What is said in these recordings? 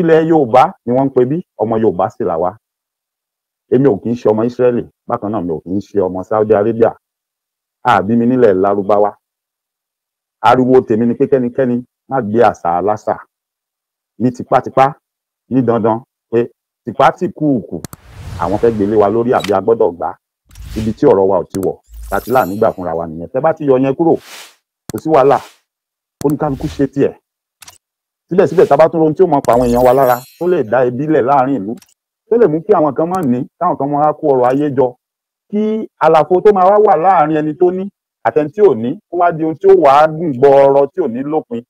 ilẹ̀ yorùbá ni wọ́n ń pè bí ọmọ yorùbá sì là wá èmi ò kì í ṣe ọmọ israeli bákan náà mi ò kì í ṣe ọmọ saudi arabia àbí mi nílẹ̀ lárúbáwá ariwo tèmi ni pé kẹ́nikẹ́ni má gbé àṣà aláṣà ní tipátipá ní dandan pé tipá tí kúùkù àwọn fẹ́ gbélé wa lórí àbí agbọ́dọ̀ gbá ibi tí ọ̀rọ̀ wa ò ti wọ̀ láti láàánú gbà fúnra wa nìyẹn tẹ́ bá ti yọ yẹn kúrò kò sí wàhálà oníkálukú ṣe tiẹ̀ síbẹ̀síbẹ̀ tá a bá tún rohun tí ó mọ pa àwọn èèyàn wa lára tó lè dá ebi lẹ̀ láàrin ìlú tó lè mú kí àwọn kan má ní táwọn kan máa kó ọrọ̀ ayé jọ kí àlàfo tó máa wá wà láàrin ẹni tó ní àtẹni tí ò ní kó wá di ohun tí ó wàá dùn gbọọrọ tí ò ní lópin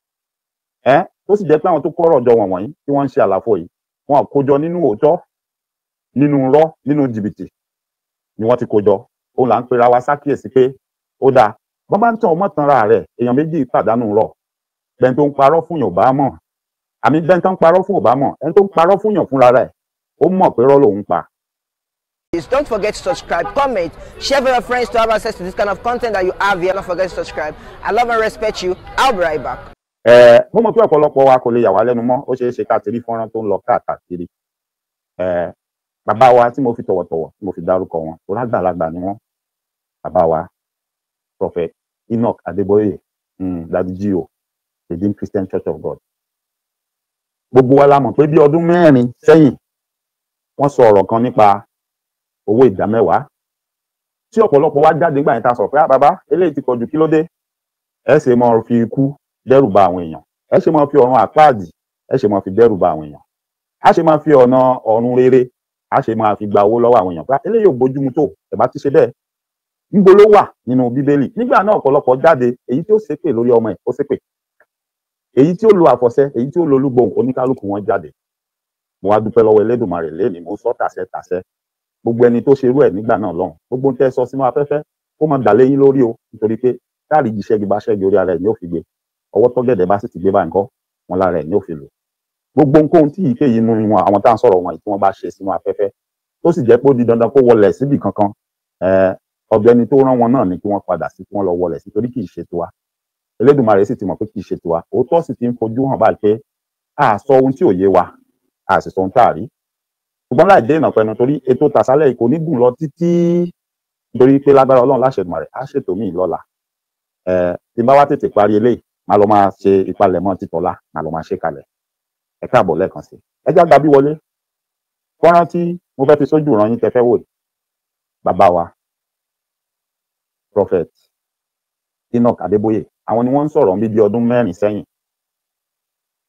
ẹ tó sì jẹ́ pé àwọn tó kó ọrọ̀ jọ wọn wọ̀nyí tí wọ́n ń ṣe àlàfo yìí wọn kó jọ nínú òótọ́ nínú irọ́ nínú jìbìtì ni wọ́n ti kó jọ òun là ń pera wa sákìyèsí pé ó dáa bọ́n bá ń tàn ọmọ tanra rẹ̀ èèyàn méjì pàdánù rọ̀ pẹ̀ntó ń parọ́ fún yàn mọ̀ àmì bẹ́ẹ̀ tó parọ́ fún òbámọ̀ ẹni tó ń parọ́ fún yàn fúnra rẹ̀ ó mọ̀ pé rọ́ lòun pa. Please don't forget to subscribe, comment, share with your friends to have access to this kind of content that you have here. Don't forget to subscribe. I love and respect you. I'll be right back. Ẹ mo mọ̀ pé ọ̀pọ̀lọpọ̀ wa kò lè yà wá lẹ́nu mọ́, ó ṣeé ṣe ká ti rí fọ́nrán tó ń lọ káàkiri. Ẹ bàbá wa tí mo fi tọ̀wọ̀tọ̀wọ̀ tí mo fi dárúkọ wọn, tó lágbàlagbà ni wọ́n. Bàbá wa Prophet Enoch Adeboye, mm, Dadi G.O, Redeemed Christian Church of God gbogbo wa la mọ̀ pé bí ọdún mẹ́rin sẹ́yìn wọ́n sọ ọ̀rọ̀ kan nípa owó ìdámẹ́wàá tí ọ̀pọ̀lọpọ̀ wa jáde nígbà yẹn ta sọ pé ah bàbá eléyìí ti pọ̀jù kí ló dé ẹ ṣe mọ fi ikú dẹ́rù ba àwọn èèyàn ẹ ṣe mọ fi ọ̀run àpáàdì ẹ ṣe mọ fi dẹ́rù ba àwọn èèyàn a ṣe máa fi ọ̀nà ọ̀run rere a ṣe máa fi gba owó lọ́wọ́ àwọn èèyàn pé ah, eléyìí ò bójúmu tó ẹ̀ bá ti ṣe bẹ́ẹ̀ níbo ló wà nínú bíbélì nígbà náà ọ̀pọ̀lọpọ̀ jáde èyí tí ó ṣépè lórí ọmọ ẹ̀ ó ṣépè èyí tí ó lo àfọ̀ṣẹ èyí tí ó lo olúgbòhùn oníkálukú wọn jáde mo wá dúpẹ́ lọ́wọ́ Elédùmarè lẹni mo sọ tàṣẹ tàṣẹ gbogbo ẹni tó ṣerú ẹ nígbà náà lọ́hùn gbogbo ń tẹ sọ sínú afẹ́fẹ́ ó máa dà léyìn lórí o nítorí pé káàrí jíṣẹ́ gbígbà ṣẹ́gi orí ara ẹ̀ ní òfìgbé ọwọ́ tọ́gẹ̀dẹ̀ bá sì ti gbé bá nǹkan wọn lára ẹ̀ ní òfin lò gbogbo nǹkan tí ìkéyìí nínú wọn àwọn tá à ń sọ̀rọ̀ wọn tí wọ́n bá ṣe sínú afẹ́fẹ́ tó sì jẹ́ pé ó di dandan kó wọlẹ̀ síbì kankan ọ̀gbẹ́ni tó rán wọn náà ni kí wọ́n padà sí kí wọ́n lọ wọlẹ̀ sí torí kì í ṣe tiwa Elédùmarè sì ti mọ̀ pé kì í ṣe tiwa òótọ́ sì ti ń fojú hàn báyìí pé a sọ ohun tí ò yé wa a sì sọ ohun tá a rí ṣùgbọ́n láì dé ìnàpẹnu torí ètò tàṣálẹ̀ yìí kò ní gùn lọ títí torí pé lágbára Ọlọ́run láṣẹ Èdùmàrè á ṣètò míì lọ́la tí n bá wá tètè parí eléyìí máa lọ máa ṣe ìpalẹ̀mọ́ títọ́lá máa lọ máa ṣe kalẹ̀ ẹ káàbọ̀ lẹ́ẹ̀kan sí ẹ já gbabi wọlé fọ́nrán tí mo fẹ́ fi sójú ìran yín tẹ fẹ́ wò yìí bàbá wa prophet Enoch Adébóyè àwọn ni wọ́n ń sọ̀rọ̀ níbi ọdún mẹ́rin sẹ́yìn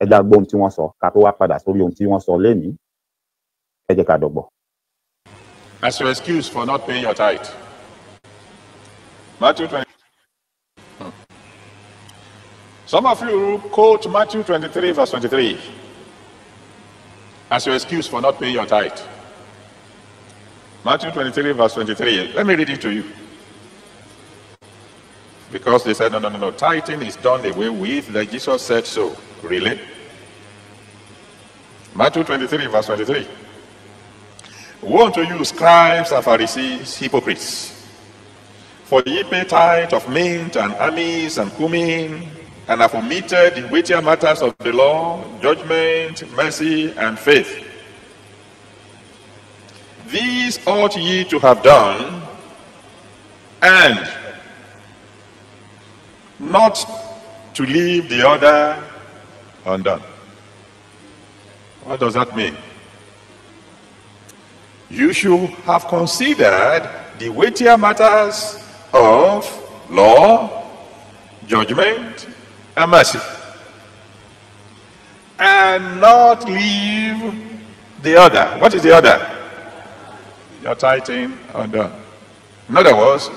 ẹ já tí wọ́n sọ ká tó wá padà sórí ohun tí wọ́n sọ lénìí ẹ ká dọ̀gbọ̀. as your excuse for not paying your tithe Matthew twenty. Hmm. some of you quote Matthew twenty-three verse twenty-three as your excuse for not paying your tithe Matthew twenty-three verse twenty-three let me read it to you. Because they said, no, no, no, no, tithing is done away with, like Jesus said so. Really? Matthew 23, verse 23. Woe unto you, scribes and Pharisees, hypocrites! For ye pay tithe of mint and anise and cumin, and have omitted the weightier matters of the law, judgment, mercy, and faith. These ought ye to have done, and not to leave the other undone. What does that mean? You should have considered the weightier matters of law, judgment, and mercy, and not leave the other. What is the other? Your tithing undone. In other words,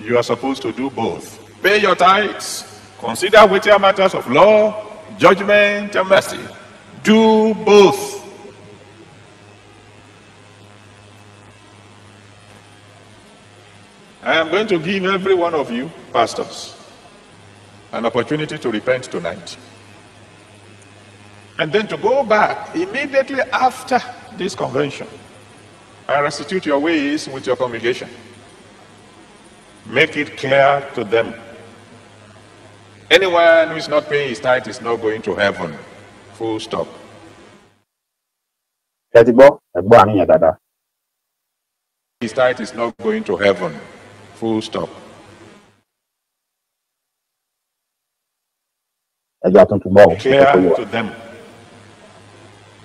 you are supposed to do both. Pay your tithes. Consider weightier matters of law, judgment, and mercy. Do both. I am going to give every one of you, pastors, an opportunity to repent tonight. And then to go back immediately after this convention and restitute your ways with your congregation. Make it clear to them Anyone who is not paying his tithe is not going to heaven. Full stop. His tithe is not going to heaven. Full stop. Clear to them.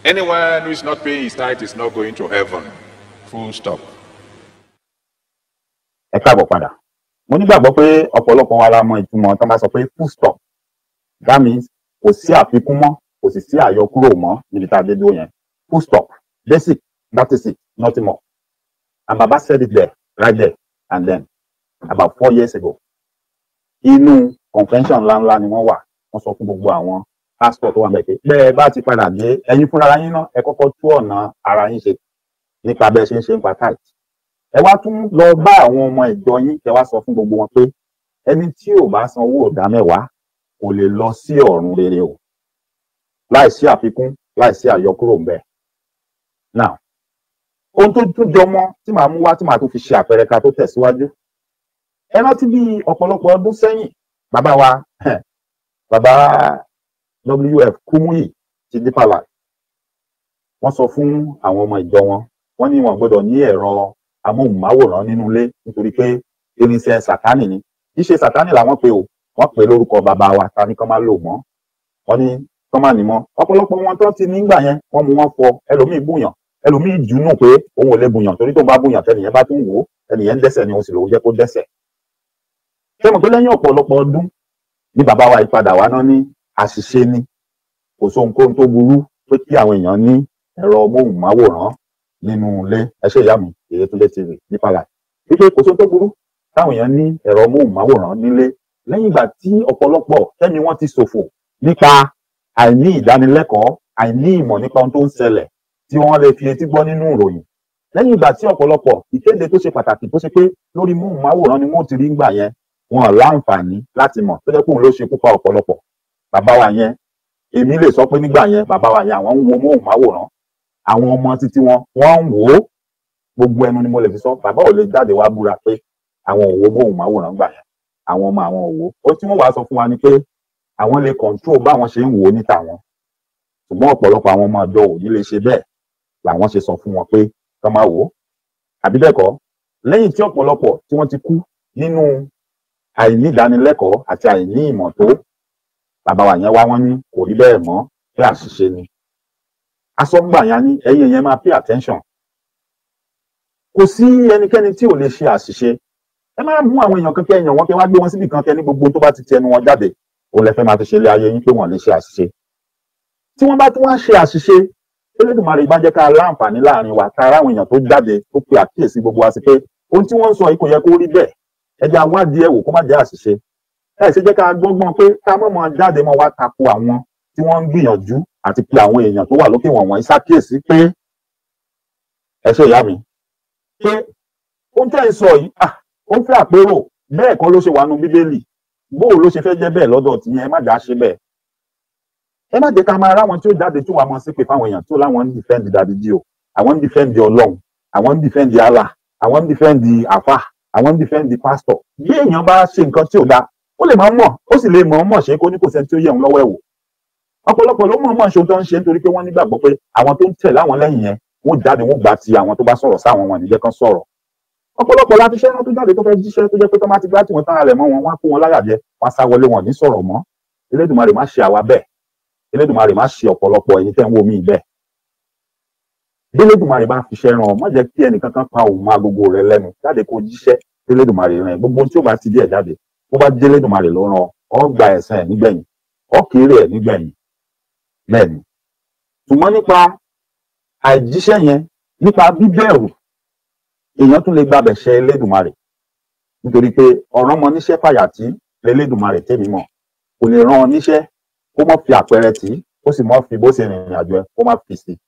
Anyone who is not paying his tithe is not going to heaven. Full stop. mo nígbàgbọ́ pé ọ̀pọ̀lọpọ̀ wa la mọ ìtumọ̀ tó máa sọ pé full stop that means kò sí àfikún mọ́ kò sì sí àyọkúrò mọ́ níbi tá a dé dúró yẹn full stop basic that is it nothing more and baba said it there right there and then about four years ago inú convention ńláńlá ni wọ́n wà wọ́n sọ fún gbogbo àwọn pastor tó wà mẹ́kẹ́ bẹ́ẹ̀ bá ti padà dé ẹ̀yin fúnra yín náà ẹ kọ́kọ́ tú ọ̀nà ara yín ṣe nípa bẹ́ẹ̀ ṣe ń ṣe ń pa tight ẹ wá tún lọ bá àwọn ọmọ ìjọ yín ẹ wá sọ fún gbogbo wọn pé ẹni tí ò bá san owó ọ̀dà mẹ́wàá kò lè lọ sí ọ̀run rere o láì sí àfikún láì sí àyọkúrò ń bẹ now ohun tó tún jọ mọ́ tí màá mú wá tí màá tún fi ṣe àpẹẹrẹ ká tó tẹ̀síwájú ẹ rántí bí ọ̀pọ̀lọpọ̀ ọdún sẹ́yìn bàbá wa bàbá WF Kumuyi ti Deeper Life wọ́n sọ fún àwọn ọmọ ìjọ wọn wọ́n ní wọn gbọ́dọ̀ ní ẹ̀rọ amóhùnmáwòrán nínú ilé nítorí pé irinṣẹ́ sàtánì ni kì í sàtánì làwọn pe o wọ́n pè lórúkọ bàbá wa ta ni kán má lò mọ́ wọ́n ní kán má ní mọ́ ọ̀pọ̀lọpọ̀ wọn tó ti nígbà yẹn wọ́n mú wọn fọ ẹlòmíì bùyàn ẹlòmíì jùnú pé òun ò lè bùyàn torí tó bá bùyàn tẹnìyẹn bá tún wò ó ẹnìyẹn ń dẹ́ṣẹ̀ ni òun sì lòun jẹ́ kó dẹ́ṣẹ̀ sẹ́mu tó lẹ́yìn ọ̀pọ̀lọpọ̀ ọdún ní bàbá wa ìpadà wa náà ní àṣìṣe ni kò sóhun kóhun tó burú pé kí àwọn èèyàn ní ẹ̀rọ móhùnmáwòrán nínú ilé ẹ ṣe ìyá mi Yèyétúndé TV ní Palace wípé kò sóhun tó burú táwọn èèyàn ní ẹ̀rọ móhùnmáwòrán nílé lẹ́yìn ìgbà tí ọ̀pọ̀lọpọ̀ tẹ́mi wọ́n ti ṣòfò nípa àìní ìdánilẹ́kọ̀ọ́ àìní ìmọ̀ nípa ohun tó ń ṣẹlẹ̀ tí wọ́n lè fi etí gbọ́ nínú ìròyìn lẹ́yìn ìgbà tí ọ̀pọ̀lọpọ̀ ìkéde tó ṣe pàtàkì tó ṣe pé lórí móhùnmáwòrán ni wọ́n ti rí ngbà yẹn wọn láǹfààní láti mọ̀ tó jẹ́ pé òun ló ṣekú pa ọ̀pọ̀lọpọ̀ bàbá wa yẹn èmi lè sọ pé nígbà yẹn bàbá wa yẹn àwọn ń wo móhùnmáwòrán àwọn ọmọ títí wọn wọ́n ń wò ó gbogbo ẹnu ni mo lè fi sọ bàbá ò lè jáde wá búra pé àwọn òwò bóun máa wòran gbà àwọn ọmọ àwọn òwò ó tí wọn wàá sọ fún wa ni pé àwọn lè control báwọn ṣe ń wò ó níta wọn ṣùgbọ́n ọ̀pọ̀lọpọ̀ àwọn ọmọ ọ̀dọ́ òní lè ṣe bẹ́ẹ̀ làwọn ṣe sọ fún wọn pé kán máa wò ó àbí bẹ́ẹ̀ kọ́ lẹ́yìn tí ọ̀pọ̀lọpọ̀ tí wọ́n ti kú nínú àìní ìdánilẹ́kọ̀ọ́ àti àìní ìmọ̀ tó bàbá wa yẹn wá wọ́n ní kò rí bẹ́ẹ̀ mọ́ pé àṣìṣe ni asọ́ngbà yẹn ni ẹ̀yin yẹn máa pay attention kò sí ẹnikẹ́ni tí ò lè ṣe àṣìṣe ẹ má mú àwọn èèyàn kankan èèyàn wọn kí wọn gbé wọn síbi kan kẹ ní gbogbo tó bá ti ti ẹnu wọn jáde ò lè fẹ́ máa fi ṣe ilé ayé yín pé wọn lè ṣe àṣìṣe tí wọ́n bá tún wá ṣe àṣìṣe Elédùmarè bá jẹ́ ká láǹfààní láàrin wa ká ara àwọn èèyàn tó jáde tó pe àkíyèsí gbogbo wa sí pé ohun tí wọ́n ń sọ yìí kò yẹ kó rí bẹ́ẹ̀ ẹ jẹ́ awádìí ẹ̀wò kó má jẹ́ àṣìṣe ẹ ṣe jẹ́ ká gbọ́ngbọ́n pé ká mọ̀ mọ́ jáde mọ́ wá tako àwọn tí wọ́n ń gbìyànjú àti pe àwọn èèyàn tó wà lókè wọ̀n wọ̀nyí ṣàkíyèsí pé ẹ ṣe ìyá mi pé ó ń tẹ̀ ń sọ yìí ah, ó ń fẹ́ àpérò bẹ́ẹ̀ kọ́ ló ṣe wà nù bíbélì bóò ló ṣe fẹ́ jẹ́ bẹ́ẹ̀ lọ́dọ̀ tìyẹn ẹ má jà ṣe bẹ́ẹ̀ ẹ má jẹ́ ká máa ráwọn tí ó jáde tí wàá mọ sí pé fáwọn èèyàn tí ó láwọn ń dìfẹ́ǹdì dàbí o àwọn ń dìfẹ́ǹdì ọlọ́run àwọn ń dìfẹ́ǹdì Allah àwọn ń dìfẹ́ǹdì àfà àwọn ń dìfẹ́ǹdì pásítọ̀ bí èèyàn bá ṣe nǹkan tí ò dáa ó lè máa mọ̀ ó sì lè mọ̀ mọ̀ ṣe kó ní kò sẹ́ni tí ó yẹ òun lọ́wọ́ ẹ̀ wò ọ̀pọ̀lọpọ̀ ló mọ̀ mọ̀ ṣe tó ń ṣe nítorí pé wọ́n nígbàgbọ́ pé àwọn tó ń tẹ̀ láwọn lẹ́yìn yẹn wọ́n jáde wọ́n gbà ti àwọn tó bá sọ̀rọ̀ sáwọn wọn níjẹ́ kan sọ̀rọ̀ ọ̀pọ̀lọpọ̀ láti ṣẹ́ tó jáde tó fẹ́ jíṣẹ́ tó jẹ́ pé tó máa ti gbá tí wọ́n tán ara rẹ̀ mọ́ wọn wọ́n á kó wọn láyà jẹ wọ́n á sá wọlé wọn ní sọ̀rọ̀ mọ́ Elédùmarè má ṣe àwa bẹ́ẹ̀ Elédùmarè má ṣe ọ̀pọ̀lọpọ̀ ẹ̀yin tẹ́ ń wo mí bẹ́ẹ̀ Elédùmarè bá fiṣẹ́ ràn ọ́ má jẹ́ kí ẹnìkan kan pa òun agogo rẹ lẹ́nu jáde kó jíṣẹ́ Elédùmarè ràn gbogbo tí ó bá ti díẹ̀ jáde bó bá jẹ́ Elédùmarè ló ràn ọ́ gba ẹ̀san ẹ̀ nígbẹ̀yìn ọ́ àìjíṣẹ́ yẹn nípa bíbẹ̀rù èèyàn tún lè gbàbẹ̀ ṣe Elédùmarè nítorí pé ọ̀ràn mọ níṣẹ́ fàyàtì lélẹ́dùmarè tèmi mọ̀ kò lè ràn ọ́ níṣẹ́ kó mọ̀ fi àpẹẹrẹ tì í ó sì mọ̀ fi bó ṣe rìnrìn àjò ẹ̀ kó má fi sí i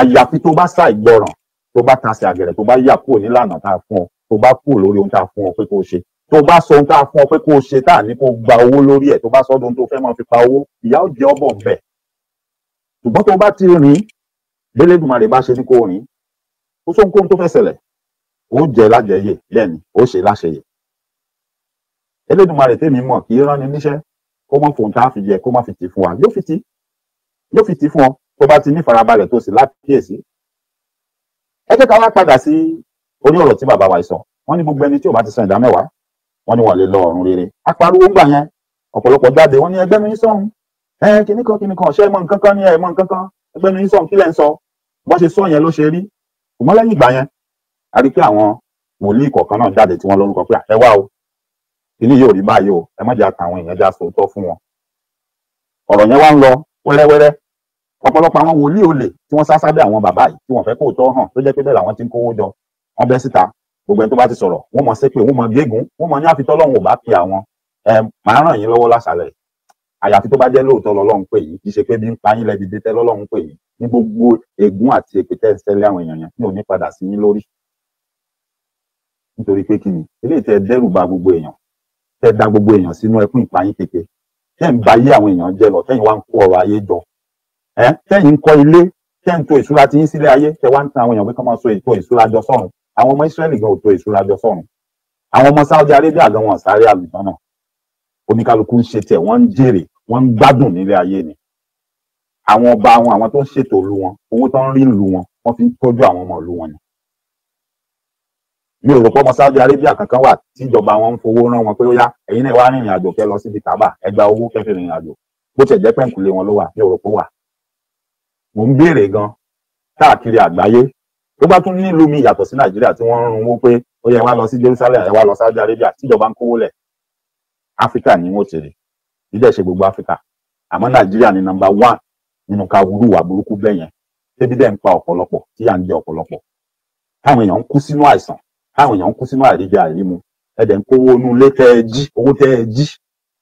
àyàfi tó bá sá ìgbọràn tó bá tasẹ̀ àgẹ̀rẹ̀ tó bá yà kúrò nílànà tá a fún ọ tó bá kúrò lórí ohun tá a fún ọ pé kó o ṣe tó bá sọ ohun tá a fún ọ pé kó o ṣe tá a ní kó gba owó lórí ẹ̀ tó bá sọ ohun tó fẹ́ mọ́ fi pa owó ìyá ó jẹ́ ọ̀bọ̀ bẹ̀ ṣùgbọ́n tó bá ti rìn bẹ́lẹ́dùmarè bá ṣe ní kó rìn kó sóhun kóhun tó fẹ́ ṣẹlẹ̀ ó jẹ lájẹyè lẹ́ni ó ṣe láṣeyè Ẹlẹ́dùmarè tèmi mọ̀ kì í ránni níṣẹ́ kó mọ̀ fòun tá a fi jẹ kó má fi tì fún wa yóò fi tì yóò fi tì fún ọ tó bá ti ní farabalẹ̀ tó sì lápíyèsí ẹ jẹ́ ká wá padà sí orí ọ̀rọ̀ tí bàbá wa sọ wọ́n ní gbogbo ẹni tí ò bá ti san ìdá mẹ́wàá wọ́n ní wọ́n lè lọ ọ̀run rere apariwo ń gbà yẹn ọ̀pọ̀lọpọ̀ jáde wọ́n ní ẹgbẹ́ mi sọ̀hún ẹ kìnnìkan kìnnìkan ṣé ẹ mọ̀ nǹkan kan ní ẹ mọ̀ nǹkan kan ẹgbẹ́ mi sọ̀hún kí lẹ́ ń sọ bó ṣe sọ yẹn ló ṣe rí ṣùgbọ́n lẹ́yìn ìgbà yẹn a rí i pé àwọn wòlíì kọ̀ọ̀kan náà jáde tí wọ́n lórúkọ pé ẹ wá o ilé yóò rí báyìí o ẹ má jà tàwọn èèyàn já sòótọ́ fún wọn ọ̀rọ̀ yẹn wá ń lọ wẹ́rẹ́wẹ́rẹ́ ọ̀pọ̀lọpọ̀ àwọn wòlíì olè tí wọ́n sá sábẹ́ àwọn bàbá yìí tí wọ́n fẹ́ kó tọ́ hàn tó jẹ́ pé bẹ́ẹ̀ làwọn ti ń kówó jọ wọ́n bẹ́ síta gbogbo ẹni tó bá ti sọ̀rọ̀ wọ́n mọ̀ ṣépè wọ́n mọ̀ gégùn wọ́n mọ̀ ní àfitọ́ lọ́hùn ò bá pè àwọn ẹ màá ràn yín lọ́wọ́ láṣàlẹ̀ àyàfi tó bá jẹ́ lóòótọ́ lọ́lọ́hùn pè yìí kì í ṣe pé bí ń pa yín lẹ́bi dé tẹ́ lọ́lọ́hùn pè yìí ní gbogbo ègún àti èpè tẹ́ ẹ ṣẹlẹ̀ àwọn èèyàn yẹn mi ò ní padà sí yín lórí nítorí pé kí ni eléyìí tẹ́ dẹ́rù ba gbogbo èèyàn tẹ́ da gbogbo èèyàn sínú ẹkún ìpayín kéke tẹ́ ń ba ayé àwọn èèyàn jẹ́ lọ tẹ́yìn wá ń kó ọrọ̀ ayé jọ ẹ tẹ́yìn ń kọ́ ilé tẹ́ ń tò ìṣúra tí ń sílé ayé tẹ́ wá ń tan àwọn èèyàn pé kọ́ máa so ètò ìṣúra jọ sọ́run àwọn ọmọ Ísírẹ́lì gan ò tò ìṣúra jọ sọ́run àwọn ọmọ Saudi Arabia gan wọn sáré àlùbọ́n náà oníkálukú ń ṣe tiẹ̀ wọ́n ń jèrè wọ́n ń gbádùn nílé ayé ni àwọn ọba wọn àwọn tó ń ṣètò ìlú wọn owó tó ń rí ìlú wọn wọ́n fi ń tọ́jú àwọn ọmọ ìlú wọn ni mi ò rò pé ọmọ Saudi Arabia kankan wà tíjọba wọn ń fowó rán wọn pé ó yá ẹ̀yin náà wá rìnrìn àjò kẹ́ lọ síbi tábà ẹ gba owó kẹ́ fi rìnrìn àjò bó tiẹ̀ jẹ́ pẹ̀ǹkùlé wọn ló wà mi ò rò pé wà mò ń béèrè gan káàkiri àgbáyé tó bá tún nílùú mi yàtọ̀ sí Nàìjíríà tí wọ́n ń runwó pé ó yẹ wá lọ sí Jerusalem ẹ wá lọ Saudi Arabia tíjọba ń kówó lẹ̀ number one nínú ká wúlò wà burúkú bẹ́ẹ̀ yẹn tẹ́bí dẹ̀ ń pa ọ̀pọ̀lọpọ̀ tí à ń jẹ ọ̀pọ̀lọpọ̀ káwọn èèyàn ń kú sínú àìsàn káwọn èèyàn ń kú sínú àìríjẹ àìrímu ẹ dẹ̀ ń kówó inú ilé tẹ́ ẹ jí owó tẹ́ ẹ jí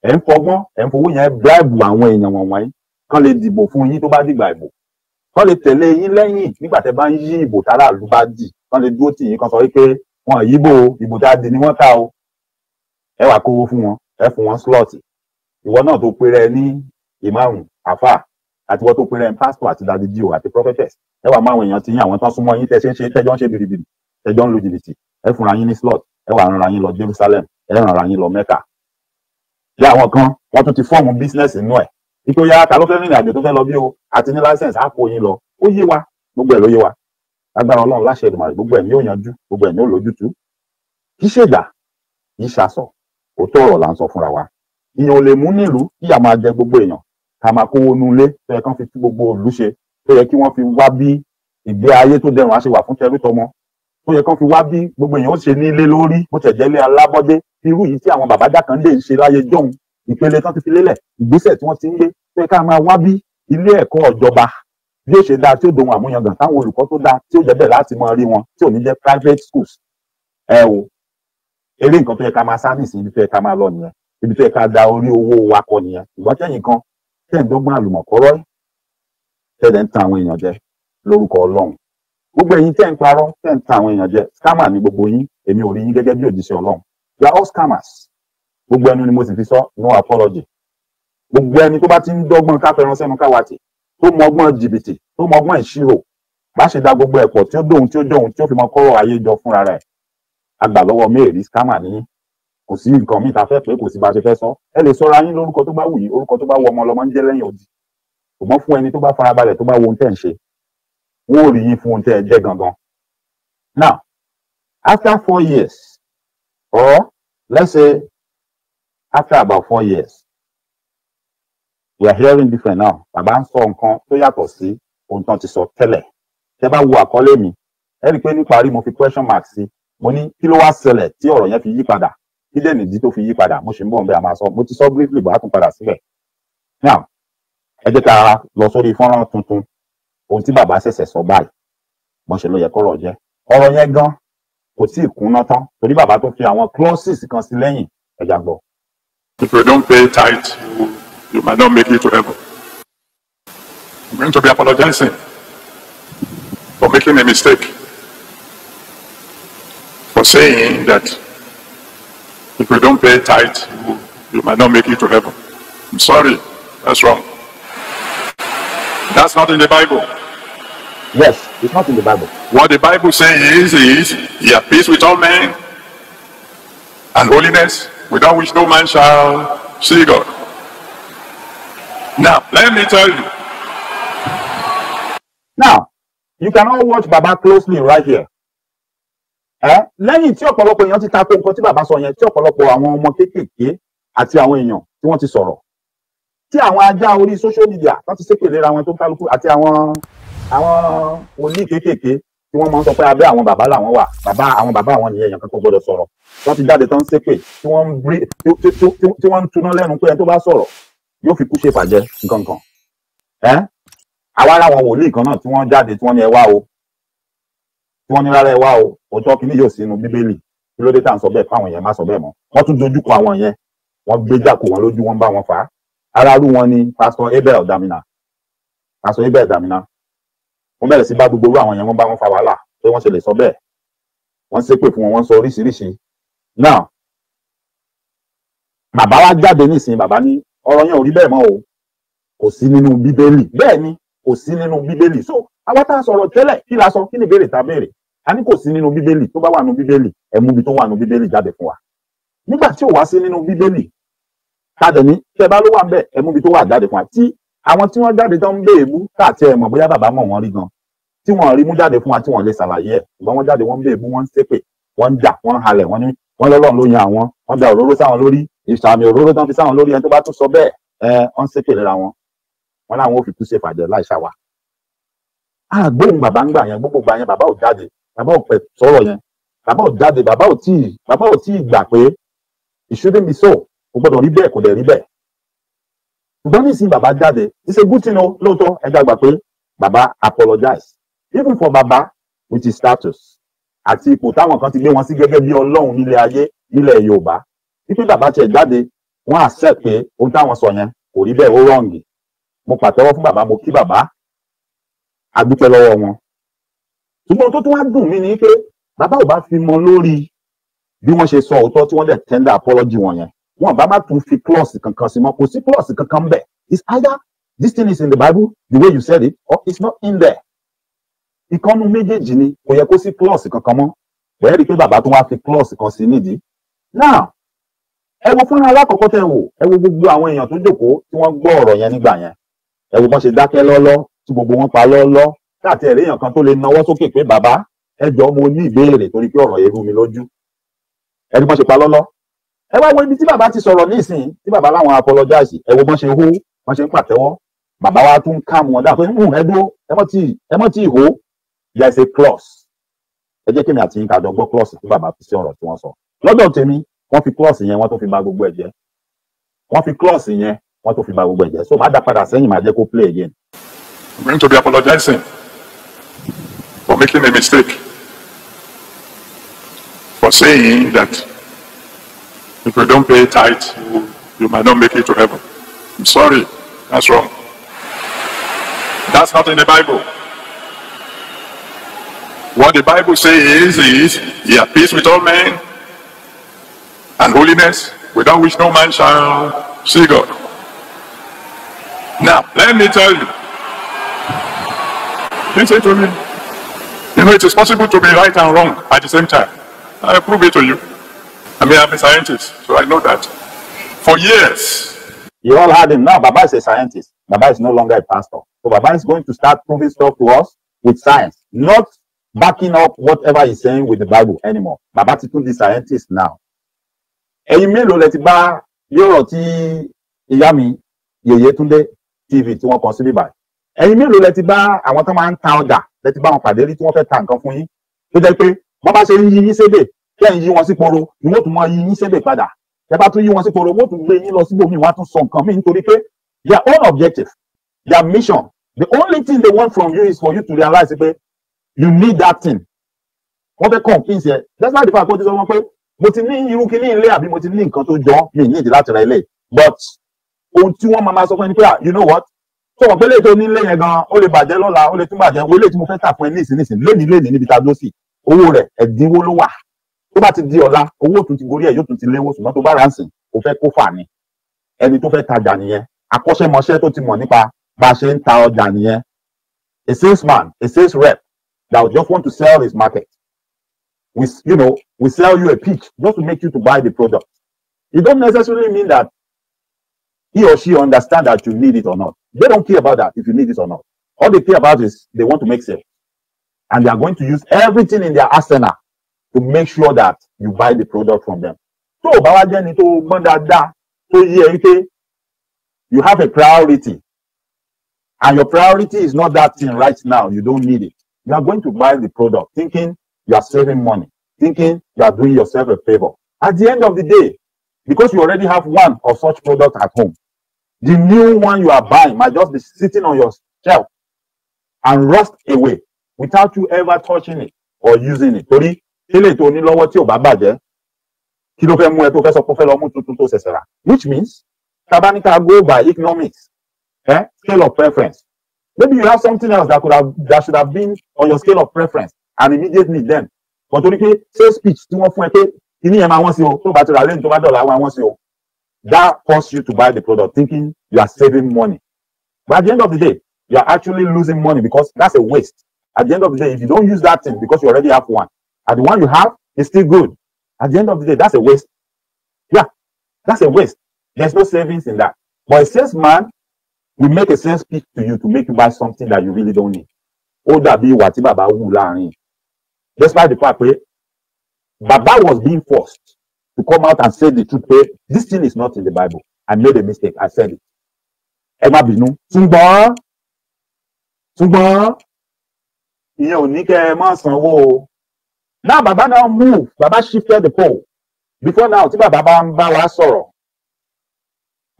ẹ ń fọgbọ́n ẹ ń fowó yẹn bíráìbù àwọn èèyàn wọ̀nyí kán lè dìbò fún yín tó bá dìgbà ìbò kán lè tẹ̀lé yín lẹ́yìn nígbà tẹ́ bá ń yí ìbò tára ìlú bá dì kán lè dúró tì yín kan sọ wípé wọn àyíbò ìbò tá a dì ni wọ́n ta o ẹ wàá kówó fún wọn ẹ fún wọn slọ́ọ̀tì ìwọ náà tó pèrè ní ìmáàmù afa àti wọ́n tó pinnu ẹ̀ pásítọ̀ àti dadi dio àti prophetess ẹ wà máwọn èèyàn ti yín àwọn tán súnmọ́ yín tẹ́ ṣe ń ṣe tẹ́jọ́ ń ṣe bìrìbìrì tẹ́jọ́ ń lu jìbìtì ẹ fúnra yín ní slot ẹ wà rànra yín lọ Jerusalem ẹ rànra yín lọ Mẹ́kà ṣé àwọn kan wọ́n tún ti fọ́ọ̀mù business inú ẹ̀ ipò yára ta ló fẹ́ rìnrìn àjò tó fẹ́ lọ bí o àti ní license á kó yín lọ ó yé wa gbogbo ẹ̀ ló yé wa agbára Ọlọ́run láṣẹ ìdùnmọ̀ gbogbo ẹ̀mí ò yanjú gbogbo ẹ̀mí ò lójútùú kì í ṣègbà kì í ṣàsọ̀ òótọ́ ọ̀rọ̀ ká máa kówó nulẹ̀ tó yẹ kán fi tú gbogbo òlú ṣe tó yẹ kí wọ́n fi wá bí ìgbé ayé tó dẹrùn á ṣe wà fún tẹrú tọmọ tó yẹ kán fi wá bí gbogbo èèyàn ó ṣe ní ilé lórí bó tẹ̀ jẹ́ ilé alábọ́dé irú yìí tí àwọn bàbá dákàndé ń ṣe láyé jọ̀hún ìpele tán ti fi lélẹ̀ ìgbésẹ̀ tí wọ́n ti ń gbé tó yẹ ká máa wá bí ilé ẹ̀kọ́ ọ̀jọba bí ó ṣe dáa tí ó dohun àmúyangàn táwọn olùkọ́ tó dáa tí ó jẹ́ bẹ́ẹ̀ láti mọ rí wọn tí ò ní jẹ́ private schools ẹ o eré nǹkan tó yẹ ká máa sá nìsín ibi tó yẹ ká máa lọ nìyẹn ibi tó yẹ ká da orí owó wa nìyẹn ìgbọ́n kan tẹ̀ ń dọ́gbọ́n àlùmọ̀kọ́rọ́ tẹ̀lẹ̀ ń tan àwọn èèyàn jẹ lórúkọ ọlọ́run gbogbo ẹ̀yin tẹ̀ ń parọ́ tẹ̀ ń tan àwọn èèyàn jẹ scammer ni gbogbo yín èmi ò rí yín gẹ́gẹ́ bí òjíṣẹ́ ọlọ́run you are all scammers gbogbo ẹnu ni mo sì fi sọ no apology gbogbo ẹni tó bá ti ń dọ́gbọ́n káfẹ́ràn sẹ́nu káwàtì tó mọ ọgbọ́n jìbìtì tó mọ ọgbọ́n ìṣirò bá ṣe da gbogbo ẹ̀kọ́ tí ó dóhun tí ó dóhun tí ó fi mọ kọ́rọ̀ ayé jọ fúnra rẹ̀ agbà lọ́wọ́ mẹ́rin scammer ni kò sí nǹkan míì tá fẹ́ pé kò sí bá a ṣe fẹ́ sọ ẹ lè sọra yín lórúkọ tó bá wù yín orúkọ tó bá wù ọmọ ọlọmọ ń jẹ́ lẹ́yìn odi ṣùgbọ́n fún ẹni tó bá farabalẹ̀ tó bá wo ohun tẹ́ ń ṣe wọ́n ò rí yín fún ohun tẹ́ ẹ jẹ́ gangan. now after four years or let's say after about four years we are hearing different now bàbá ń sọ nǹkan tó yàtọ̀ sí ohun tán ti sọ tẹ́lẹ̀ tẹ́ bá wo àkọlé mi ẹ rí i pé níparí mo fi question mark sí mo ní kí ló wá ṣẹlẹ̀ tí ọ̀rọ̀ yẹn fi yí padà kílẹ̀ nìdí tó fi yí padà mo ṣe ń bọ̀ ń bẹ́ máa sọ mo ti sọ briefly bá tún padà síbẹ̀ now ẹ jẹ́ ká lọ sórí fọ́nrán tuntun ohun tí bàbá ṣẹ̀ṣẹ̀ sọ báyìí bọ́n ṣe ló yẹ kọ́rọ̀ jẹ́ ọ̀rọ̀ yẹn gan kò tí ì kúnná tán torí bàbá tó fi àwọn clauses kan sí lẹ́yìn ẹ̀já gbọ́. If you don't pay tight, you, you might not make it to heaven. I'm going to be apologizing for making a mistake, for saying that If you don't pay tithe, you, you might not make it to heaven. I'm sorry, that's wrong. That's not in the Bible. Yes, it's not in the Bible. What the Bible says is, He has peace with all men and holiness, without which no man shall see God. Now, let me tell you. Now, you can all watch Baba closely right here. lẹ́yìn tí ọ̀pọ̀lọpọ̀ èèyàn ti ta ko nǹkan tí bàbá sọ yẹn tí ọ̀pọ̀lọpọ̀ àwọn ọmọ kéékèèké àti àwọn èèyàn tí wọ́n ti sọ̀rọ̀ tí àwọn ajá orí social media wọ́n ti ṣépè léra wọn tó kálukú àti àwọn àwọn olí kéékèèké tí wọ́n máa ń sọ pé abẹ́ àwọn bàbá làwọn wà bàbá àwọn bàbá àwọn nìyẹn èèyàn kankan gbọ́dọ̀ sọ̀rọ̀ wọ́n ti jáde tán ṣépè tí wọ́n ń brí tí wọ́n ń tuná lẹ́nu pé ẹni tó bá sọ̀rọ̀ yóò fi kú ṣe ìfàjẹ́ nǹkankan ẹ́ àwa ara wọn wòlíì kan náà tí wọ́n jáde tí wọ́n ní ẹ wá o tí wọ́n ní rárá ẹ wá o òótọ́ kí ni yóò sínú bíbélì kí ló dé tá à ń sọ bẹ́ẹ̀ fáwọn èèyàn má sọ bẹ́ẹ̀ mọ́ wọ́n tún dojú kọ àwọn yẹn wọ́n gbéjà kó wọn lójú wọn bá wọn fà á aráàlú wọn ni pásítọ̀ abel damina pásítọ̀ abel damina wọ́n bẹ̀rẹ̀ sí bá gbogbo irú àwọn yẹn wọ́n bá wọn fa wàhálà pé wọ́n ṣe lè sọ bẹ́ẹ̀ wọ́n ṣépè fún wọn wọ́n sọ oríṣiríṣi now bàbá wa jáde nísìnyí bàbá ní ọ̀rọ̀ yẹn ò rí bẹ́ẹ̀ mọ́ o kò sí nínú bíbélì bẹ́ẹ̀ ni kò sí nínú bíbélì so àwa tá a sọ̀rọ̀ tẹ́lẹ̀ kí la sọ kí ni ìbéèrè ta béèrè a ní kò sí nínú bíbélì tó bá wà nínú bíbélì ẹ mú ibi tó wà nínú bíbélì jáde fún wa nígbà tí ò wá sí nínú bíbélì tàdé ní tẹ bá ló wà bẹ ẹ mú ibi tó wà jáde fún wa tí àwọn tí wọ́n jáde tó ń béèbú káàtì ẹ mọ̀ bóyá bàbá mọ̀ wọ́n rí gan tí wọ́n rí mú jáde fún wa tí wọ́n lè ṣàlàyé ẹ ṣùgbọ́n wọ́n jáde wọ́n ń béèbú wọ́n ń ṣépè wọ́n ń jà wọ́n ń halẹ̀ wọ́n ní wọ́n lọ́lọ́run ló yan àwọn wọ́n da òróró sáwọn lórí ìṣàmì òróró tán fi sáwọn lórí ẹni tó bá tún sọ bẹ́ẹ̀ ẹ wọ́n ń ṣépè lera wọn wọ́n láwọn ò fi tú ṣèpàdé láìṣàwà àgbóhùn bàbá ń gbà yẹn gbogbo gbà yẹn bàbá ò jáde bàbá ò pẹ̀ sọ̀rọ̀ yẹn bàbá ò jáde bàbá ò tí bàbá ò tí gbà pé it shouldn't be so kò gbọdọ̀ rí bẹ́ẹ̀ kò dẹ̀ rí bẹ́ẹ̀ ṣùgbọ́n nísìnyí bàbá jáde it's a good thing o lóòótọ́ ẹ gbàgbà pé bàbá apologize even for bàbá with his status àti ipò táwọn kan ti gbé wọn sí gẹ́gẹ́ bí ọlọ́run nílé ayé nílẹ̀ yorùbá wípé bàbá tiẹ̀ jáde wọ́n accept pé ohun táwọn sọ yẹn kò rí bẹ́ẹ̀ ó rọ̀ǹgì mo pàtẹ́wọ́ fún bàbá mo kí bàbá a dúpẹ́ lọ́wọ́ wọn ṣùgbọ́n tó tún wá dùn mí ni pé bàbá ò bá fi mọ lórí bí wọ́n ṣe sọ òótọ́ tí wọ́n dẹ̀ tender apology wọn yẹn wọn bá má tún fi clause kankan sí mọ́ kò sí clause kankan bẹ́ẹ̀ it's either this thing is in the bible the way you said it or it's not in there ìkànnù méjèèjì ni kò yẹ kó sí clause kankan mọ́ wẹ́ẹ́ rí i pé bàbá tún wá fi clause kan sí nídìí now ẹ wo fúnra alákọ̀ọ́kọ́ tẹ̀ wò ẹ wo gbogbo àwọn èèyàn tó jókòó tí wọ́n gbọ́ ọ̀rọ̀ yẹn nígbà yẹn ẹ wo bọ́n ṣe dákẹ́ lọ́lọ́ tí gbogbo wọn pa lọ́lọ́ káàtì ẹ̀rí èèyàn kan tó lè nawọ́ sókè pé bàbá ẹ jọ̀ọ́ mo ní ìbéèrè torí pé ọ̀rọ̀ yẹn rú mi lójú ẹni bọ́n ṣe pa lọ́lọ́ ẹ wá wo ibi tí bàbá ti sọ̀rọ̀ nísìnyí tí bàbá láwọn apologize ẹ wo bọ́n ṣe hó bọ́n ṣe ń pàtẹ́wọ́ bàbá wa tún ká wọn dáa pé ẹ dúró ẹ mọ́ tí ì hó there is a clause ẹ jẹ́ kí mi àti yín ká jọ gbọ́ clause tí bàbá fi sí ọ̀rọ̀ tí wọ́n sọ lọ́dọ̀ tèmi wọ́n fi clause yẹn wọ́n tó fi ba gbogbo ẹ̀ jẹ́ wọ́n fi clause yẹn wọ́n tó fi ba gbogbo ẹ̀ jẹ́ so má dá padà sẹ́yìn má jẹ́ kó play again. I'm going to be apologizing. for making a mistake, for saying that if you don't pay tithe, you, you might not make it to heaven. I'm sorry, that's wrong. That's not in the Bible. What the Bible says is, He yeah, peace with all men and holiness, without which no man shall see God. Now, let me tell you. Listen to me. You know, it is possible to be right and wrong at the same time. I prove it to you. I mean, I'm a scientist, so I know that. For years. You all had him. Now, Baba is a scientist. Baba is no longer a pastor. So Baba is going to start proving stuff to us with science, not backing up whatever he's saying with the Bible anymore. Baba is tún di scientist now. Ẹ̀yin mélòó lẹ ti bá yọ̀rọ̀ tí ìyá mi Yèyé Túndé TV tí wọ́n possibly sí bíbáyìí. Ẹ̀yin mélòó lẹ ti bá àwọn tó máa ń ta lẹ́tí bá wọn pàdé rí tí wọ́n fẹ́ ta nǹkan fún yín tó jẹ́ pé wọ́n bá ṣe ń yí yín sébè kí ẹ̀ ń yí wọn sí poro ni wọ́n tún máa yí yín sébè padà ẹ bá tún yí wọn sí poro wọ́n tún gbé yín lọ síbòmíì wọ́n á tún sọ nǹkan míì nítorí pé their own objective their mission the only thing they want from you is for you to realize pé you need that thing wọ́n fẹ́ convince ẹ that's why the fact kọ́jú sọ wọn pé mo ti ní irú kí ní ilé àbí mo ti ní nǹkan tó jọ mi ní ìdí láti ra ilé but ohun tí wọ́n máa ma sọ fún ẹni pé ah you know what tó wọ́n pé lè tó nílé yẹn gan ó lè bàjẹ́ lọ́la ó lè tún bàjẹ́ owó lè tí mo fẹ́ tà fún ẹ nísìn nísìn lónìí lónìí níbi tá a dó sí owó rẹ̀ ẹ̀dínwó ló wà tó bá ti di ọ̀la owó tún ti gorí ẹ̀ yóò tún ti léwó ṣùgbọ́n tó bá rà ń sìn kò fẹ́ kó fà ní ẹni tó fẹ́ tajà nìyẹn akọ́ṣẹ́mọṣẹ́ tó ti mọ̀ nípa bá a ṣe ń ta ọjà nìyẹn a salesman a sales rep that just want to sell his market we you know we sell you a pitch just to make you to buy the product it don't necessarily mean that he or she understand that you need it or not They don't care about that if you need this or not. All they care about is they want to make sales. And they are going to use everything in their arsenal to make sure that you buy the product from them. So you have a priority. And your priority is not that thing right now. You don't need it. You are going to buy the product thinking you are saving money, thinking you are doing yourself a favor. At the end of the day, because you already have one of such products at home, The new one you are buying might just be sitting on your shelf and rust away without you ever touching it or using it. Torí tẹ́lẹ̀ tó ní lọ́wọ́ tí ò bá bàjẹ́ kí ló fẹ́ mú ẹ tó fẹ́ sọ pé ó fẹ́ lọ mú tuntun tó ṣẹ̀ṣẹ̀ rà. Which means tabanika go by economics eh? scale of preference. Maybe you have something else that could have that should have been on your scale of preference and immediately then. But torí pé sales pitch tí wọ́n fún ẹ pé kíní yẹn máa wọ́n sí o tó bá ti rà lẹ́yìn tó bá dọ̀là wọ́n sí o. that force you to buy the product thinking you are saving money. But at the end of the day, you are actually losing money because that's a waste. At the end of the day, if you don't use that thing because you already have one, and the one you have is still good. At the end of the day, that's a waste. Yeah, that's a waste. There's no savings in that. But a salesman will make a sales pitch to you to make you buy something that you really don't need. Ó dàbí ìwà tí bàbá wù That's Despite the fact but bàbá was being forced to come out and say the truth pé this thing is not in the bible i made a mistake i said it ẹ má bínú ṣùgbọ́n ṣùgbọ́n ìyẹn ò ní kẹ́ ẹ má sanwó o now baba now move baba shifted the pole before now tí baba bá ń bá wa sọ̀rọ̀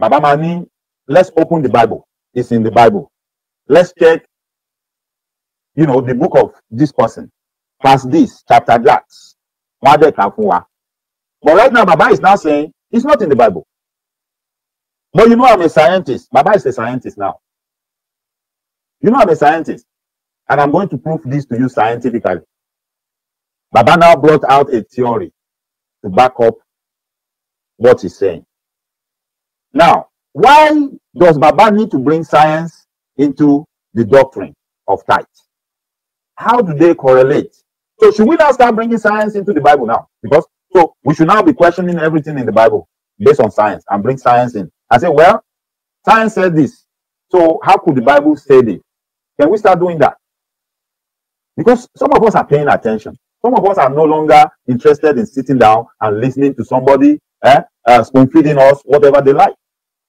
baba máa ní let's open the bible it's in the bible let's check you know the book of this person pass this chapter that wọn á dẹ̀ kà fún wa But right now, Baba is now saying it's not in the Bible. But you know I'm a scientist. Baba is a scientist now. You know I'm a scientist. And I'm going to prove this to you scientifically. Baba now brought out a theory to back up what he's saying. Now, why does Baba need to bring science into the doctrine of tithe? How do they correlate? So should we now start bringing science into the Bible now? Because so we should now be questioning everything in the Bible based on science and bring science in. I say, well, science said this. So how could the Bible say this? Can we start doing that? Because some of us are paying attention. Some of us are no longer interested in sitting down and listening to somebody eh, uh, spoon feeding us whatever they like.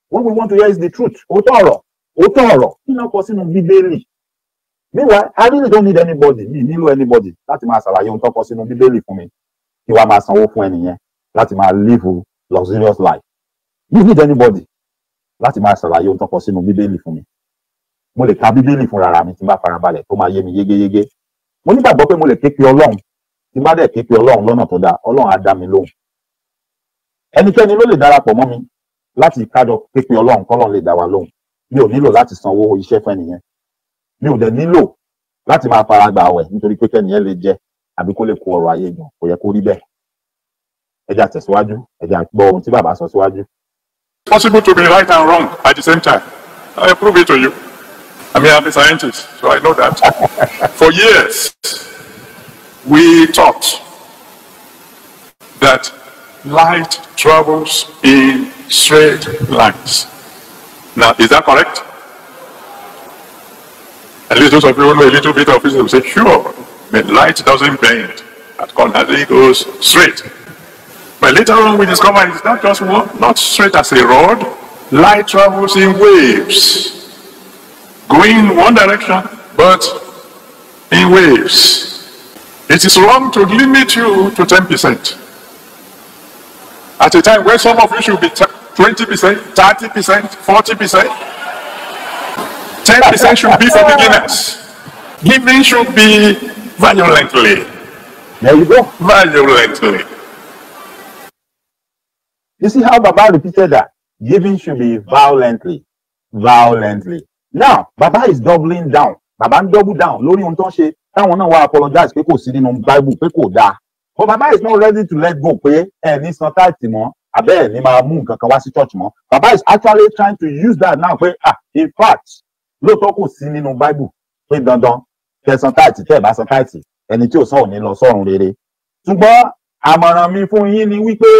What we want to hear is the truth. Otoro. Otoro. Meanwhile, I really don't need anybody. Me, me, anybody. That's my salary. You don't talk for me. kí wàá máa sanwó fún ẹnìyẹn láti máa live luxurious life you need anybody láti máa ṣàlàyé ohun tó kọ sínú bíbélì fún mi mo lè ka bíbélì fúnra ara mi tí n bá farabalẹ̀ tó máa yé mi yégéyégé mo nígbàgbọ́ pé mo lè képe ọlọ́run tí n bá dẹ̀ képe ọlọ́run lọ́nà tó dáa ọlọ́run á dá mi lóhùn ẹnikẹ́ni ló lè darapọ̀ mọ́ mi láti kájọ képe ọlọ́run kọ́lọ́run lè dá wa lóhùn mi ò nílò láti sanwó iṣẹ́ fún ẹnìyẹn mi ò dẹ̀ nílò láti máa faragbà wẹ̀ nítorí pé kẹ́niyẹn lè jẹ àbí kó lè ọrọ̀ ayé yàn kò yẹ kó rí tẹ̀síwájú gbọ́ ohun tí bàbá sọ síwájú. possible to be right and wrong at the same time I prove it to you I mean I'm a scientist so I know that for years we taught that light travels in straight lines now is that correct at least those of you who know a little bit of physics will say sure but light doesn't bend. That Konadi goes straight. But later on we discover it's not just one, not straight as a rod. Light travels in waves. Going one direction, but in waves. It is wrong to limit you to 10%. At a time where some of you should be 20%, 30%, 40%. 10% should be for beginners. Giving should be violently. There you go. Violently. You see how Baba repeated that? Giving should be violently. Violently. Now, Baba is doubling down. Baba double down lórí ohun tó ń ṣe táwọn náà wá apologize pé kò sí Bible peko da. dáa. But Baba is not ready to let go and it's not that táìtì mọ́ abẹ́ ẹ̀ ní máa church Baba is actually trying to use that now ah in fact lóòótọ́ kò sí Bible pé tẹ̀sán táàtì tẹ̀ bá san táàtì ẹni tí ò san ò ní lọ sọ́run rere ṣùgbọ́n àmọ̀ràn mi fún yín ni wípé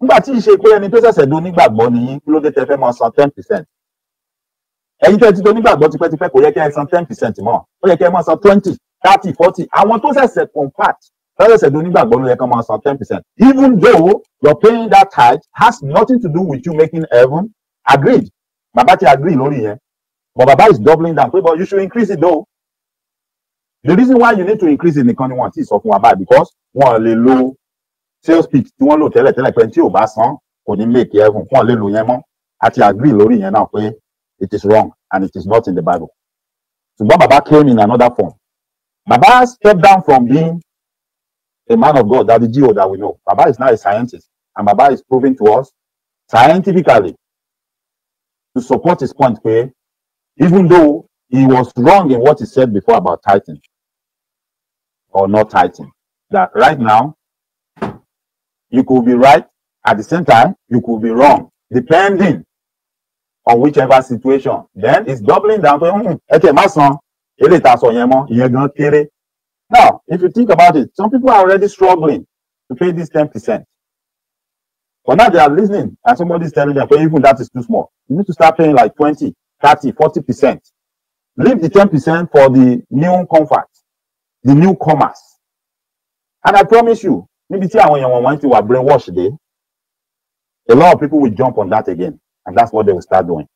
nígbà tí ì ṣe pé ẹni tó ṣẹ̀ṣẹ̀ do nígbàgbọ́ ni yín kí ló dé tẹ fẹ́ máa san ten percent ẹ̀yin tẹ́ ti do nígbàgbọ́ tipẹ́tipẹ́ kò yẹ kẹ́ ẹ san ten percent mọ́ ó yẹ kẹ́ ẹ máa san twenty thirty forty àwọn tó ṣẹ̀ṣẹ̀ convert tó ṣẹ̀ṣẹ̀ do nígbàgbọ́ ló yẹ kẹ́ máa san ten percent even though your paying that tithe has nothing to do with you making heaven agreed bàbá ti agree lórí yẹn but baba is doubling down but you should increase it though the reason why you need to increase in the ni one is of fún wa because one little sales pitch tí wọn lò tẹ́lẹ̀ tẹ́lẹ̀ pé tí ò bá san could make heaven wọn lè lo yẹn mọ́ àti agree Lori, yẹn náà pé it is wrong and it is not in the bible So baba came in another form baba stepped down from being a man of God that the G.O. that we know baba is now a scientist and baba is proving to us scientifically to support his point pé even though he was wrong in what he said before about tithing or not tithing. That right now, you could be right. At the same time, you could be wrong, depending on whichever situation. Then it's doubling down hmm, okay, my son, now, if you think about it, some people are already struggling to pay this 10%. But now they are listening and somebody is telling them, even that is too small. You need to start paying like 20, 30, 40 percent. Leave the 10 percent for the new comfort, the new commerce. And I promise you, níbi tí àwọn èèyàn wọ̀nyí ti wà brainwash dé, a lot of people will jump on that again and that's what they will start doing.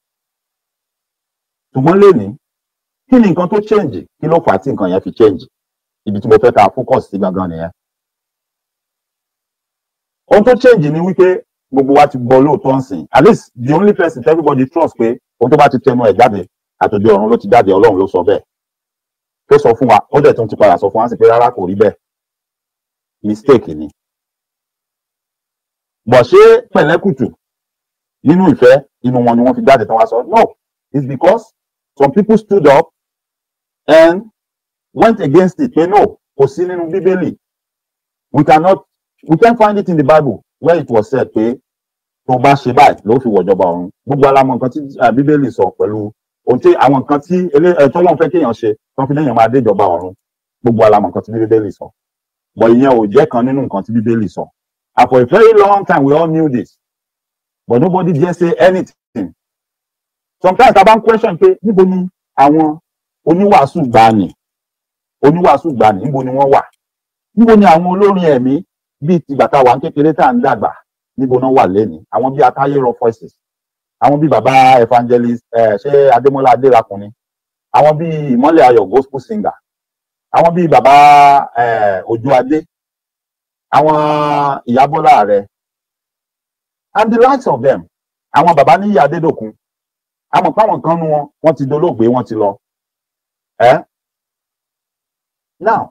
Ṣùgbọ́n lónìí, kí ni nǹkan change? Kí ló fà á tí fi change? If tí mo fẹ́ ká focus sí gangan nìyẹn. Ohun tó change ni wípé gbogbo wa ti gbọ́ lóòótọ́ At least the only person everybody trusts, pé ohun tó bá ti tẹnu ẹ̀ jáde àtòjú ọ̀run ló ti jáde ọlọ́run ló sọ bẹ́ẹ̀ tó sọ fún wa ó dẹ̀ tún ti padà sọ fún wa sí pé rárá kò rí bẹ́ẹ̀ mistake ni bọ̀ ṣé pẹ̀lẹ́kùtù nínú ìfẹ́ inú wọn ni wọ́n fi jáde tán wá sọ no it's because some people stood up and went against it pé no kò sí nínú bíbélì we cannot we can't find it in the bible where it was said pé tó bá ṣe báyìí ló fi wọ̀jọba ọ̀run gbogbo alamọ nǹkan tí bíbélì sọ pẹ̀lú ohun tí àwọn nǹkan tí tọ́lọ́n fẹ́ kéèyàn ṣe tó fi léèyàn máa déjọba ọ̀run gbogbo alamọ nǹkan tí bíbélì sọ bọ̀ ìyẹn ò jẹ́ kan nínú nǹkan tí bíbélì sọ and for a very long time we all knew this but nobody dare say anything sometimes ta bá ń question pé níbo ni àwọn oníwàásù gbani oníwàásù gbani níbo ni wọ́n wà níbo ni àwọn olórin ẹ̀mí bíi tìgbà tá a wà ń kékeré tá à ń dàgbà níbo náà wà lẹ́ni àwọn bíi atayerọ voices àwọn bíi baba evangelist eh, ṣé adémọlá adérakùnrin àwọn bíi ìmọ́lẹ̀ ayọ̀ gospel singer àwọn bíi baba eh, ojú adé àwọn ìyábọ́lá rẹ and the likes of them àwọn baba níyì adédòkun àmọ́ páwọn kan nu wọn wọ́n ti dolóògbé wọ́n ti lọ ẹ eh? now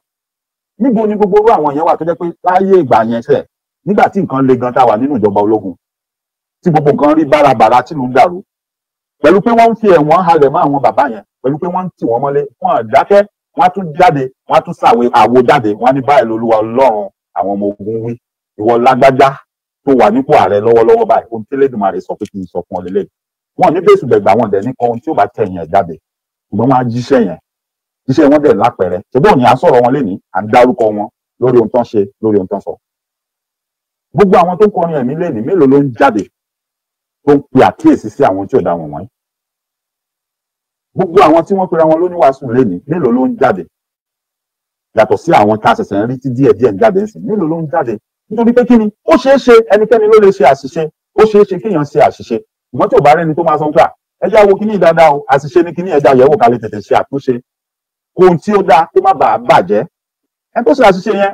níbo ni gbogbo irú àwọn yẹn wà tó jẹ́ pé láyé ìgbà yẹn sẹ́ẹ̀ nígbà tí nǹkan le gan tá a wà nínú ìjọba ológun tí gbogbo nǹkan rí bárabàra tí ló ń dàrú pẹ̀lú pé wọ́n ń fi ẹ̀wọ̀n halẹ̀ mọ́ àwọn bàbá yẹn pẹ̀lú pé wọ́n ń tì wọ́n mọ́lé wọ́n dákẹ́ wọ́n á tún jáde wọ́n á tún sàwé àwo jáde wọ́n á ní báyìí lolúwa ọlọ́run àwọn ọmọ ogun wí ìwọ lágbájá tó wà nípò ààrẹ lọ́wọ́lọ́wọ́ báyìí ohun tí Elédùmarè sọ pé kì í sọ fún ọ gbogbo àwọn tó ń kọrin ẹ̀mí lẹ́nu mélòó ló ń jáde tó ń pe àkíyèsí sí àwọn tí ò dá wọn wọ̀nyí gbogbo àwọn tí wọ́n pera wọn lóníwàásù lẹ́nu mélòó ló ń jáde yàtọ̀ sí àwọn tá a ṣẹ̀ṣẹ̀ ń rí tí díẹ̀ díẹ̀ ń jáde ń mélòó ló ń jáde nítorí pé kí ni ó ṣeé ṣe ẹnikẹ́ni ló lè ṣe àṣìṣe ó ṣeé ṣe kéèyàn ṣe àṣìṣe ìmọ̀ tí ò bá rẹ́ni tó máa sọ pé ẹja wo kíní dáadáa o àṣìṣe ni kíní ẹja yẹ̀wò ká lè tètè ṣe àtúnṣe kò tí ó dáa kó má bàa bàjẹ́ ẹni tó ṣe àṣìṣe yẹn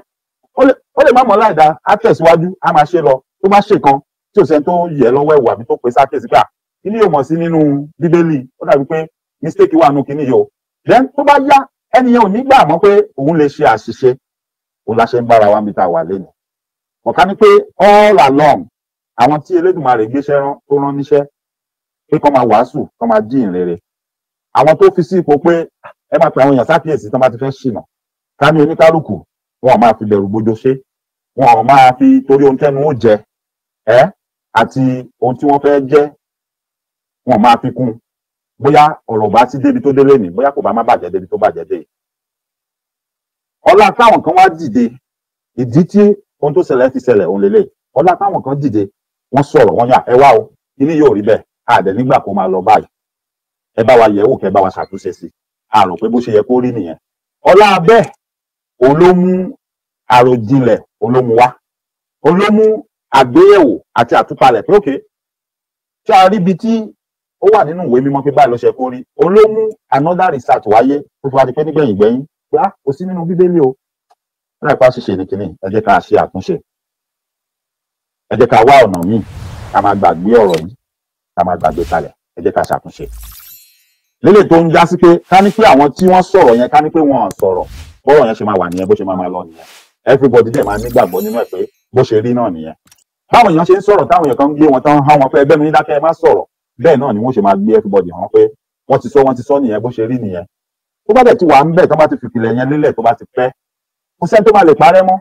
ó lè má mọ̀ láì dáa á tẹ̀síwájú á máa ṣe lọ tó má ṣe kan tí ò sẹ́ni tó yẹ lọ́wọ́ ẹ̀wà àbí tó pè sákèsí gbà ilé yóò mọ̀ sí nínú bíbélì ó dàbí pé mistake wà nù kíní yìí o then tó bá yá ẹni yẹn ò ní gbà mọ́ pé òun lè ṣe àṣìṣe òun la ń bára wa níbi wà lẹ́nu ọ̀ká ni pé all along àwọn tí Elédùmarè gbéṣẹ́ rán tó rán níṣẹ́ pé kọ́ máa wàásù kọ́ máa dín ìrere àwọn tó fi sí ipò pé ẹ máa pe àwọn èèyàn sákìyèsí tó bá ti fẹ́ ṣìnà ká ní oníkálukú wọn ò máa fi bẹ̀rù bójó ṣe wọn ò máa fi torí ohun tẹ́nu ó jẹ ẹ́ àti ohun tí wọ́n fẹ́ jẹ́ wọn ò máa fi kún bóyá ọ̀rọ̀ bá sí débi tó délé nì bóyá kò bá má bàjẹ́ débi tó bàjẹ́ dé ọlá táwọn kan wá dìde ìdí tí ohun tó ṣẹlẹ̀ ti ṣẹlẹ̀ òun lélẹ̀ ọlá táwọn kan dìde wọ́n sọ̀rọ̀ wọ́n yà ẹ wá o kíní yóò rí bẹ́ẹ̀ àdẹ nígbà kó máa lọ báyìí ẹ bá wa yẹ̀wò kẹ́ bá wa ṣàtúnṣe sí i a rò pé bó ṣe yẹ kó rí nìyẹn ọlá bẹ́ẹ̀ òun ló mú àròjinlẹ̀ òun ló mú wá òun ló mú àgbéyẹ̀wò àti àtúpalẹ̀ pé òkè tí a rí ibi tí ó wà nínú ìwé mímọ́ pé báyìí ló ṣe kó rí òun another research wáyé tó fi wá di pé nígbẹ̀yìn gbẹ̀yìn pé ah kò sí nínú bíbélì o wọn àìpá ṣiṣẹ́ ní kínní ẹ jẹ́ ká ṣe àtúnṣe ẹ jẹ́ ká wá ọ̀nà míì ká máa gbàgbé ọ̀rọ̀ yìí ká máa gbàgbé kalẹ̀ ẹ jẹ́ ká ṣàtúnṣe lélẹ̀ tó ń já sí pé ká ní pé àwọn tí wọ́n sọ̀rọ̀ yẹn ká ní pé wọ́n sọ̀rọ̀ bọ́rọ̀ yẹn ṣe máa wà nìyẹn bó ṣe máa máa lọ nìyẹn everybody dẹ̀ máa nígbàgbọ́ nínú ẹ̀ pé bó ṣe rí náà nìyẹn báwọn èèyàn ṣe ń sọ̀rọ̀ táwọn èèyàn kan ń gbé wọn tán há wọn pé ẹgbẹ́ mi ní dákẹ́ ẹ má sọ̀rọ̀ bẹ́ẹ̀ náà ni wọ́n ṣe máa gbé everybody hàn pé wọ́n ti sọ wọ́n ti sọ nìyẹn bó ṣe rí nìyẹn tó bá dẹ̀ ti wà ń bẹ̀ tó bá ti fìkìlẹ̀ yẹn lélẹ̀ tó bá ti pẹ́ kò sẹ́ni tó máa lè parẹ́ mọ́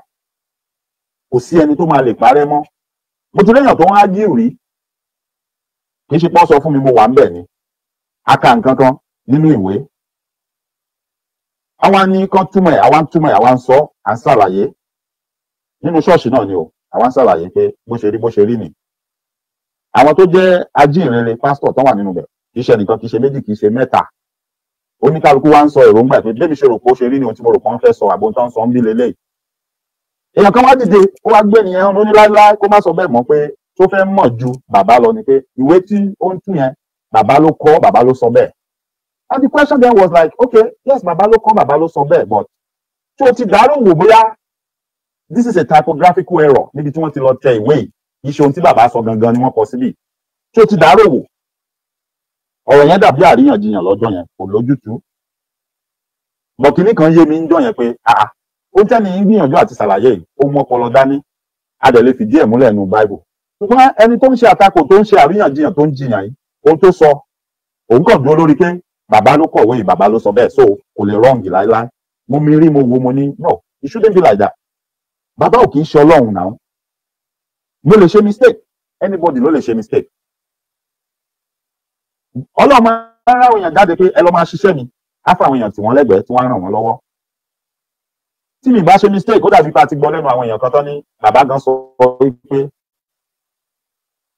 kò sí ẹni tó máa lè parẹ́ mọ́ mo ti léèyàn tó ń ágíù rí kì í ṣe pọ́ sọ fún mi mo wà ń bẹ̀ ni a nǹkan kan nínú ìwé àwa ní kán túmọ̀ ẹ̀ àwa ń túmọ̀ ẹ̀ àwa sọ à ń ṣàlàyé nínú ṣọ́ọ̀ṣì náà ni o àwa ń ṣàlàyé pé bó ṣe rí bó ṣe rí nì àwọn tó jẹ́ ajínrere pásítọ̀ tán wà nínú bẹ̀ kì í ṣe nìkan kì í ṣe méjì kì í ṣe mẹ́ta oníkálukú wa ń sọ èròǹgbà pé bẹ́ẹ̀ mi ṣe rò pé ó ṣe rí ni ohun tí mo rò pé wọ́n fẹ́ sọ àbò tó ń sọ ń bí leléyìí èèyàn kan wá dìde ó wá gbé nìyẹn ó ní kó má sọ bẹ́ẹ̀ mọ́ pé tó fẹ́ mọ̀ ju bàbá lọ ni pé ìwé tí ó ń tún yẹn bàbá ló kọ bàbá ló sọ bẹ́ẹ̀ and the question then was like okay yes bàbá come, kọ́ bàbá but tí o ti dàrú wò bóyá this is a typographical error níbi tí wọ́n ti lọ tẹ ìwé yìí iṣẹ́ ohun tí bàbá sọ gangan ni wọ́n kọ síbí tí o ti dàrú wò ọ̀rọ̀ yẹn dàbí àríyànjiyàn lọ́jọ́ yẹn kò lójútùú but kinní kan yé mi ń jọ yẹn pé ah ó tẹ́ni ń gbìyànjú àti ṣàlàyé yìí ó mú ọpọlọ dání a dẹ̀ lè fìdí ẹ̀ múlẹ̀ nínú Bible ṣùgbọ́n ẹni tó ń ṣe àtakò tó ń ṣe àríyànjiyàn tó ń jiyàn yìí ohun tó sọ òun kàn dúró lórí pé bàbá ló kọ̀wé yìí bàbá ló sọ bẹ́ẹ̀ so kò lè rọ́ǹgì láéláé mo mi rí mo wo mo ní no it shouldn't be like that Baba ò kì í ṣe ọlọ́run náà mo lè ṣe mistake anybody ló lè ṣe mistake ọlọ́run máa ń ráwọn èèyàn jáde pé ẹ lọ́ máa ṣiṣẹ́ mi á fáwọn èèyàn tí wọ́n lẹ́gbẹ̀ẹ́ tí wọ́n ràn wọ́n lọ́wọ́ tí mi bá ṣe mistake ó dàbí pa ti gbọ́ lẹ́nu àwọn èèyàn kan tán ní bàbá gan sọ pé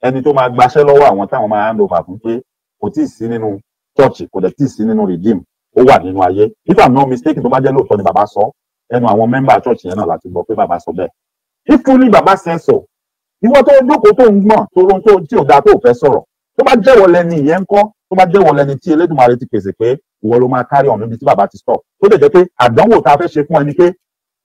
ẹni tó máa gbaṣẹ́ lọ́wọ́ àwọn táwọn máa ń lo bàbá pé kò tíì sí nínú church kò dẹ̀ tí ì sí nínú redeem ó wà nínú ayé if i'm no mistake, tó bá jẹ́ lóòótọ́ ni bàbá sọ ẹnu àwọn mẹ́mbà church yẹn náà láti gbọ́ pé bàbá sọ bẹ́ẹ̀ if truly bàbá ṣe sọ ìwọ tó jókòó tó ń gbọ̀n tó ron tó tí ò dáa tó fẹ́ sọ̀rọ̀ tó bá jẹ́wọ́ lẹ́ni ìyẹn ń kọ́ tó bá jẹ́wọ́ lẹ́ni tí Elédùmarè ti pèsè pé ìwọ ló máa kárí ọ̀nà ibi tí bàbá ti stop tó dẹ̀ jẹ́ pé àdánwò tá a fẹ́ ṣe fún ẹni pé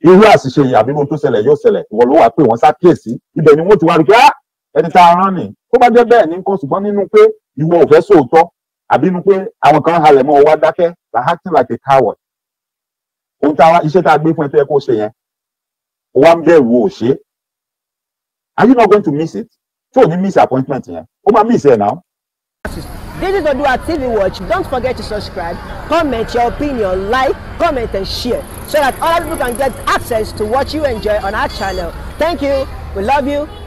irú àṣìṣe yìí àbí ohun tó ṣẹlẹ̀ yóò ṣẹlẹ̀ ìwọ ló wà pé wọ́n ṣàkíyèsí ibẹ̀ ni wọ́n ti wá rí pé ah, ẹni tá a rán ni tó bá jẹ́ bẹ́ẹ̀ ni nǹkan ṣùgbọ́n nínú pé ìwọ ò fẹ́ sóòótọ́ àbí inú pé àwọn kan halẹ̀ mọ́ wa dákẹ́ la acting like a coward ohun táwa iṣẹ́ tá a gbé fún ẹ tó yẹ kó ṣe yẹn wa ń bẹ̀rù o ṣe are you not going to miss it tí ò ní miss appointment yẹn ó máa miss ẹ̀ náà. This is Odua TV Watch. Don't forget to subscribe, comment your opinion, like, comment and share so that other people can get access to what you enjoy on our channel. Thank you. We love you.